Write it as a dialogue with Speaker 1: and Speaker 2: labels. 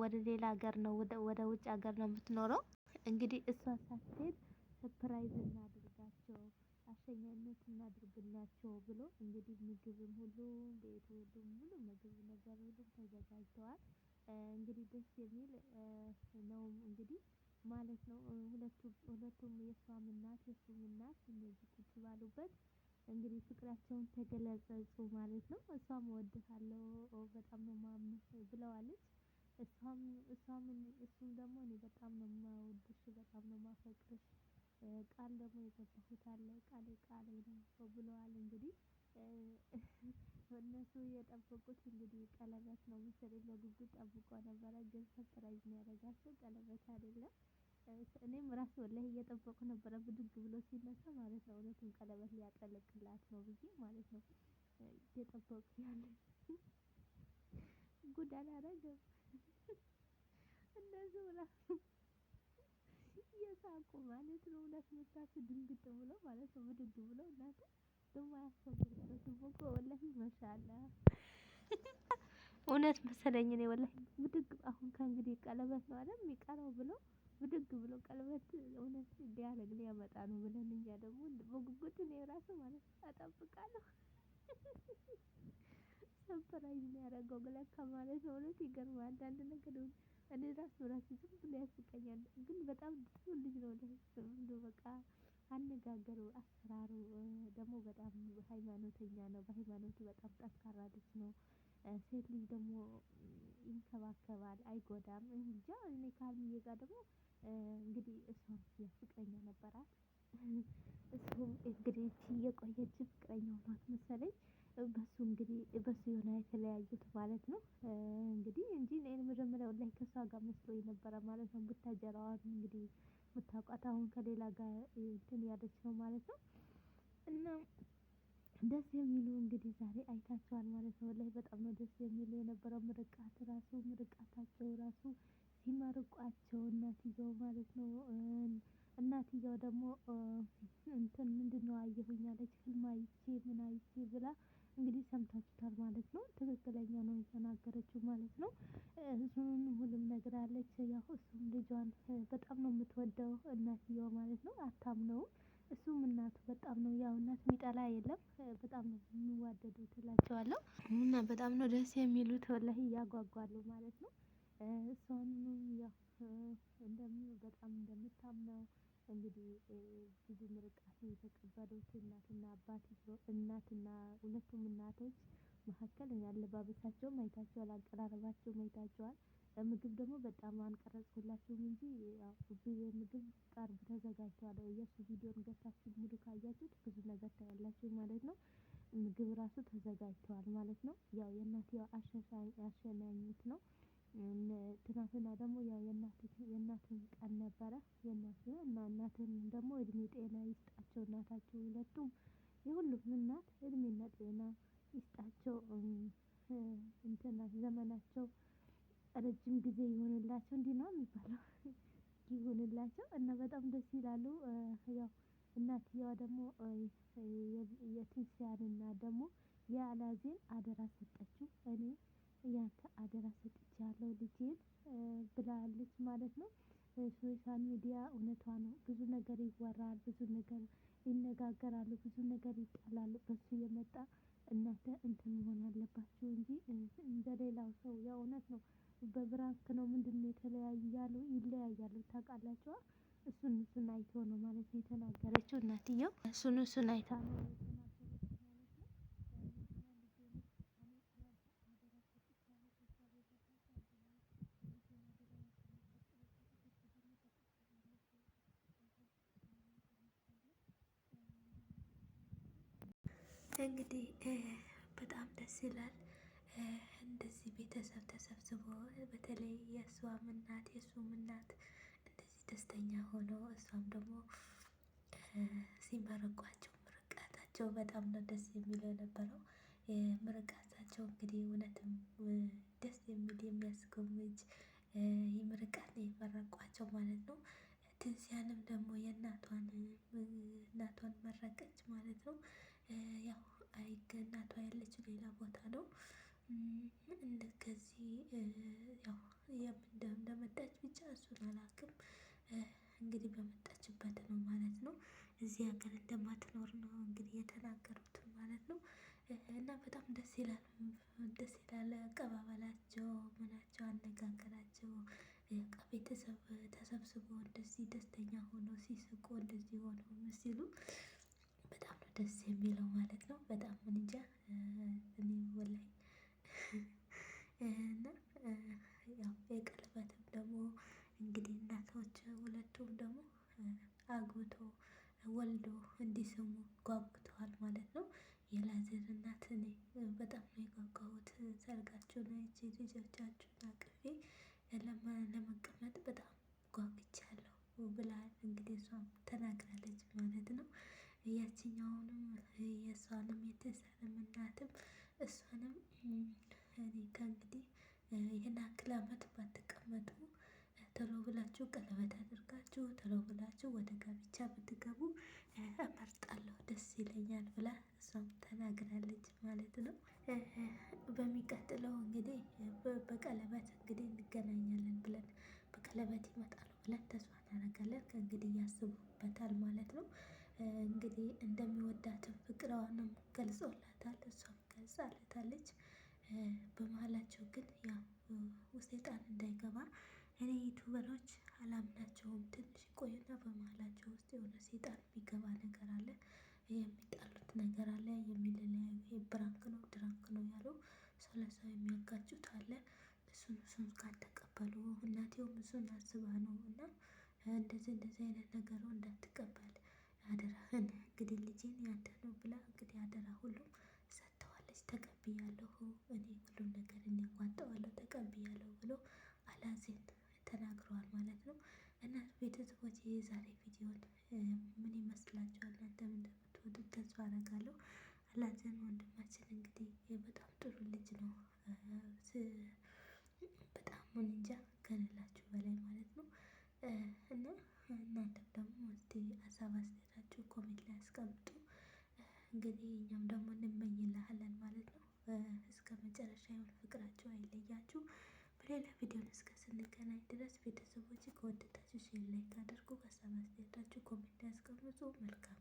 Speaker 1: ወደ ሌላ ሀገር ነው ወደ ውጭ ሀገር ነው የምትኖረው። እንግዲህ እሷ ሳትሄድ ሰርፕራይዝ እናድርጋቸው፣ አሸኛነት እናድርግላቸው ብሎ እንግዲህ ምግብም ሁሉ ቤት ሁሉም ሙሉ ምግብ ነገር ሁሉ ተዘጋጅተዋል። እንግዲህ ደስ የሚል ነው እንግዲህ ማለት ነው። ሁለቱም የእሷም እናት የሱም እናት እነዚህ ቁጭ ባሉበት እንግዲህ ፍቅራቸውን ተገለጸጹ ማለት ነው። እሷም እወድሃለሁ በጣም ነው ማምንህ ብለዋለች። እሷም እሱም ደግሞ እኔ በጣም ነው የማወድሽ፣ በጣም ነው የማፈቅርሽ፣ ቃል ደግሞ የገባሁት አለ ቃል ቃል ነው ብለዋል። እንግዲህ እነሱ የጠበቁት እንግዲህ ቀለበት ነው መሰለኝ። በጉጉት ጠብቆ ነበረ፣ ግን ሰርፕራይዝ ነው ያደረጋቸው ቀለበት አይደለም። እኔም ራሱ ላይ እየጠበቁ ነበረ፣ ብድግ ብሎ ሲነሳ ማለት ነው። እውነቱን ቀለበት ሊያጠልቅላት ነው ብዬ ማለት ነው እየጠበቁ ያለ ጉድ አላረገም እንደዚህ ብላ እየሳቁ ማለት ነው። እውነት መታችሁ ድንግጥ ብለው ማለት ነው። ብድግ ብሎ እናንተ ደግሞ አያስቸግርበት እኮ ወላሂ ማሻአላ እውነት መሰለኝ እኔ ወላሂ ብድግ አሁን ከእንግዲህ ቀለበት ነው አይደል የሚቀረው ብለው ብድግ ብለው ቀለበት እውነት ሊያመጣ ነው ብለን እኛ ደግሞ በጉጉት እኔ ራሱ ማለት ነው እጠብቃለሁ። ሰርፕራይዝ ነው ያደረገው ለካ ማለት ነው። እውነት ይገርማል። አንዳንድ ነገር እኔ ራሱ ራሱ ዝም ብሎ ያስቀኛል። ግን በጣም ጥሩ ልጅ ነው። እንደው በቃ አነጋገሩ፣ አሰራሩ ደግሞ በጣም ሃይማኖተኛ ነው። በሃይማኖቱ በጣም ጠንካራ ልጅ ነው። ሴት ልጅ ደግሞ ይንከባከባል፣ አይጎዳም። እንጃ እኔ ከሀይሚዬ ጋር ደግሞ እንግዲህ እሷም ፍቅረኛ ነበራት። እሱ እንግዲህ የቆየች ፍቅረኛ ሆኗት መሰለኝ በሱ እንግዲህ በሱ የሆነ የተለያዩት ማለት ነው። እንግዲህ እንጂ እኔ መጀመሪያው ላይ ከሷ ጋር መስሎ የነበረ ማለት ነው። ብታጀራዋን እንግዲህ የምታውቋት አሁን ከሌላ ጋር እንትን ያለች ነው ማለት ነው። እና ደስ የሚሉ እንግዲህ ዛሬ አይታችኋል ማለት ነው። ላይ በጣም ነው ደስ የሚሉ የነበረው ምርቃት ራሱ ምርቃታቸው ራሱ ሲመርቋቸው እናትየው ማለት ነው። እናትየው ደግሞ እንትን ምንድን ነው አየሁኝ አለች ፊልም አይቼ ምን አይቼ ብላ እንግዲህ ሰምታችሁታል ማለት ነው። ትክክለኛ ነው የተናገረችው ማለት ነው። እሱንም ሁሉም ነገር አለች። ያው እሱም ልጇን በጣም ነው የምትወደው እናትየው ማለት ነው። አታምነውም። እሱም እናቱ በጣም ነው ያው እናት የሚጠላ የለም። በጣም ነው የሚዋደዱ ትላቸዋለሁ እና በጣም ነው ደስ የሚሉት። ወላሂ እያጓጓሉ ማለት ነው። እሷንም ያው በጣም እንደምታምነው እንግዲህ ብዙ ምርቃትን የተቀበሉት እናትና አባት እናትና ሁለቱም እናቶች መካከል አለባበሳቸውም አይታችኋል፣ አቀራረባቸውም አይታችኋል። ምግብ ደግሞ በጣም አንቀረጽኩላችሁም እንጂ ምግብ ቀርብ ተዘጋጅተዋል። የእሱ ቪዲዮን ገብታችሁ ሙሉ ካያችሁት ብዙ ነገር ታያላችሁ ማለት ነው። ምግብ ራሱ ተዘጋጅተዋል ማለት ነው። ያው የእናትየው አሸናኝነት ነው። ትናንትና ደግሞ ያው የእናትን ቀን ነበረ። የእናት እና እናትን ደግሞ እድሜ ጤና ይስጣቸው እናታቸው ሁለቱም የሁሉም እናት እድሜና ጤና ይስጣቸው። እንትና ዘመናቸው ረጅም ጊዜ ይሆንላቸው እንዲህ ነው የሚባለው ይሆንላቸው እና በጣም ደስ ይላሉ። ያው እናትየዋ ደግሞ የትንሳኤን እና ደግሞ የአላዛርን አደራ ሰጠችው እኔ ያንተ አደራ ያለው ልጄን ብላለች ማለት ነው። ሶሻል ሚዲያ እውነቷ ነው። ብዙ ነገር ይወራል፣ ብዙ ነገር ይነጋገራሉ፣ ብዙ ነገር ይጣላሉ። በሱ የመጣ እናንተ እንትን መሆን አለባቸው እንጂ እንደሌላው ሰው የእውነት ነው። በብራንክ ነው ምንድን ነው የተለያዩ ያሉ ይለያያሉ ታውቃላችኋ። እሱን እሱን አይቶ ነው ማለት ነው የተናገረችው እናትየው። እሱን እሱን አይታ ነው እንግዲህ በጣም ደስ ይላል። እንደዚህ ቤተሰብ ተሰብስቦ በተለይ የእሷም እናት የእሱም እናት እንደዚህ ደስተኛ ሆኖ እሷም ደግሞ ሲመረቋቸው ምርቃታቸው በጣም ነው ደስ የሚለው የነበረው። ምርቃታቸው እንግዲህ እውነትም ወደዚች ሌላ ቦታ ነው እንደዚህ እንደከዚህ እንደመጣች ብቻ እሱን አላውቅም። እንግዲህ በመጣችበት ነው ማለት ነው። እዚህ ሀገር እንደማትኖር ነው እንግዲህ የተናገሩት ማለት ነው። እና በጣም ደስ ይላል። ደስ ይላል አቀባበላቸው፣ ምናቸው፣ አነጋገራቸው ቤተሰብ ተሰብስቦ እንደዚህ ደስተኛ ሆኖ ሲስቁ እንደዚህ ሆኖ ሲሉ ደስ የሚለው ማለት ነው። በጣም እንጃ እኔ ወላሂ እና ያው የቀለበትም ደግሞ እንግዲህ እናቶች ሁለቱም ደግሞ አግብቶ ወልዶ እንዲስሙ ጓጉተዋል ማለት ነው። የላዘር እናት እኔ በጣም ነው የጓጓሁት። ሰርጋቸውን አይቼ ልጆቻቸውን አቅፌ ለመቀመጥ በጣም ጓጉቻለሁ ብላ እንግዲህ እሷም ተናግራለች ማለት ነው። ያችኛዋ ቤተሰብም እናትም እሷንም እኔ ከእንግዲህ ይህን አክል አመት ባትቀመጡ ቶሎ ብላችሁ ቀለበት አድርጋችሁ ቶሎ ብላችሁ ወደ ጋብቻ ብትገቡ እመርጣለሁ ደስ ይለኛል ብላ እሷም ተናግራለች ማለት ነው። በሚቀጥለው እንግዲህ በቀለበት እንግዲህ እንገናኛለን ብለን በቀለበት ይመጣሉ ብለን ተስፋ እናደርጋለን። ከእንግዲህ ያስቡበታል ማለት ነው። እንግዲህ እንደሚወዳትም ፍቅረዋንም ገልጾላታል፣ እሷም ገልጻለታለች። በመሀላቸው ግን ያው ሰይጣን እንዳይገባ እኔ ዩቱበሮች አላምናቸውም። ትንሽ ቆይና በመሀላቸው ውስጥ የሆነ ሰይጣን የሚገባ ነገር አለ፣ የሚጣሉት ነገር አለ፣ የሚለያዩ ብራንክ ነው ድራንክ ነው ያሉ ሰው ለሰው የሚያጋጩት አለ። እሱን እሱን ካልተቀበሉ እናቴውም እሱን አስባ ነው እና እንደዚህ እንደዚህ አይነት ነገር እንዳትቀ ልጄን ያንተ ነው ብላ እንግዲህ አደራ ሁሉም ሰጥተዋለች። ተቀብያለሁ እኔ ሁሉም ነገር እኔ ዋጠዋለሁ ተቀብያለሁ ብሎ አላዜም ተናግረዋል ማለት ነው። እና ቤተሰቦች የዛሬ ቪዲዮን ምን ይመስላችኋል? እናንተ እንደምትወዱት ተስፋ አደርጋለሁ። አላዘን ወንድማችን እንግዲህ በጣም ጥሩ ልጅ ነው። በጣም እንጃ ከሌላችሁ በላይ ማለት ነው። እና እናንተም ደግሞ እስቲ ሀሳብ አስተያየታችሁ ኮሜንት ላይ አስቀምጡ። እንግዲህ እኛም ደግሞ እንመኝልሃለን ማለት ነው። እስከ መጨረሻ ይሁን ፍቅራቸው አይለያችሁ። በሌላ ቪዲዮ እስከ ስንገናኝ ድረስ ቤተሰቦች ከወደዳችሁ ሼር ላይክ አድርጉ። ሀሳብ አስተያየታችሁ ኮሜንት ያስቀምጡ። መልካም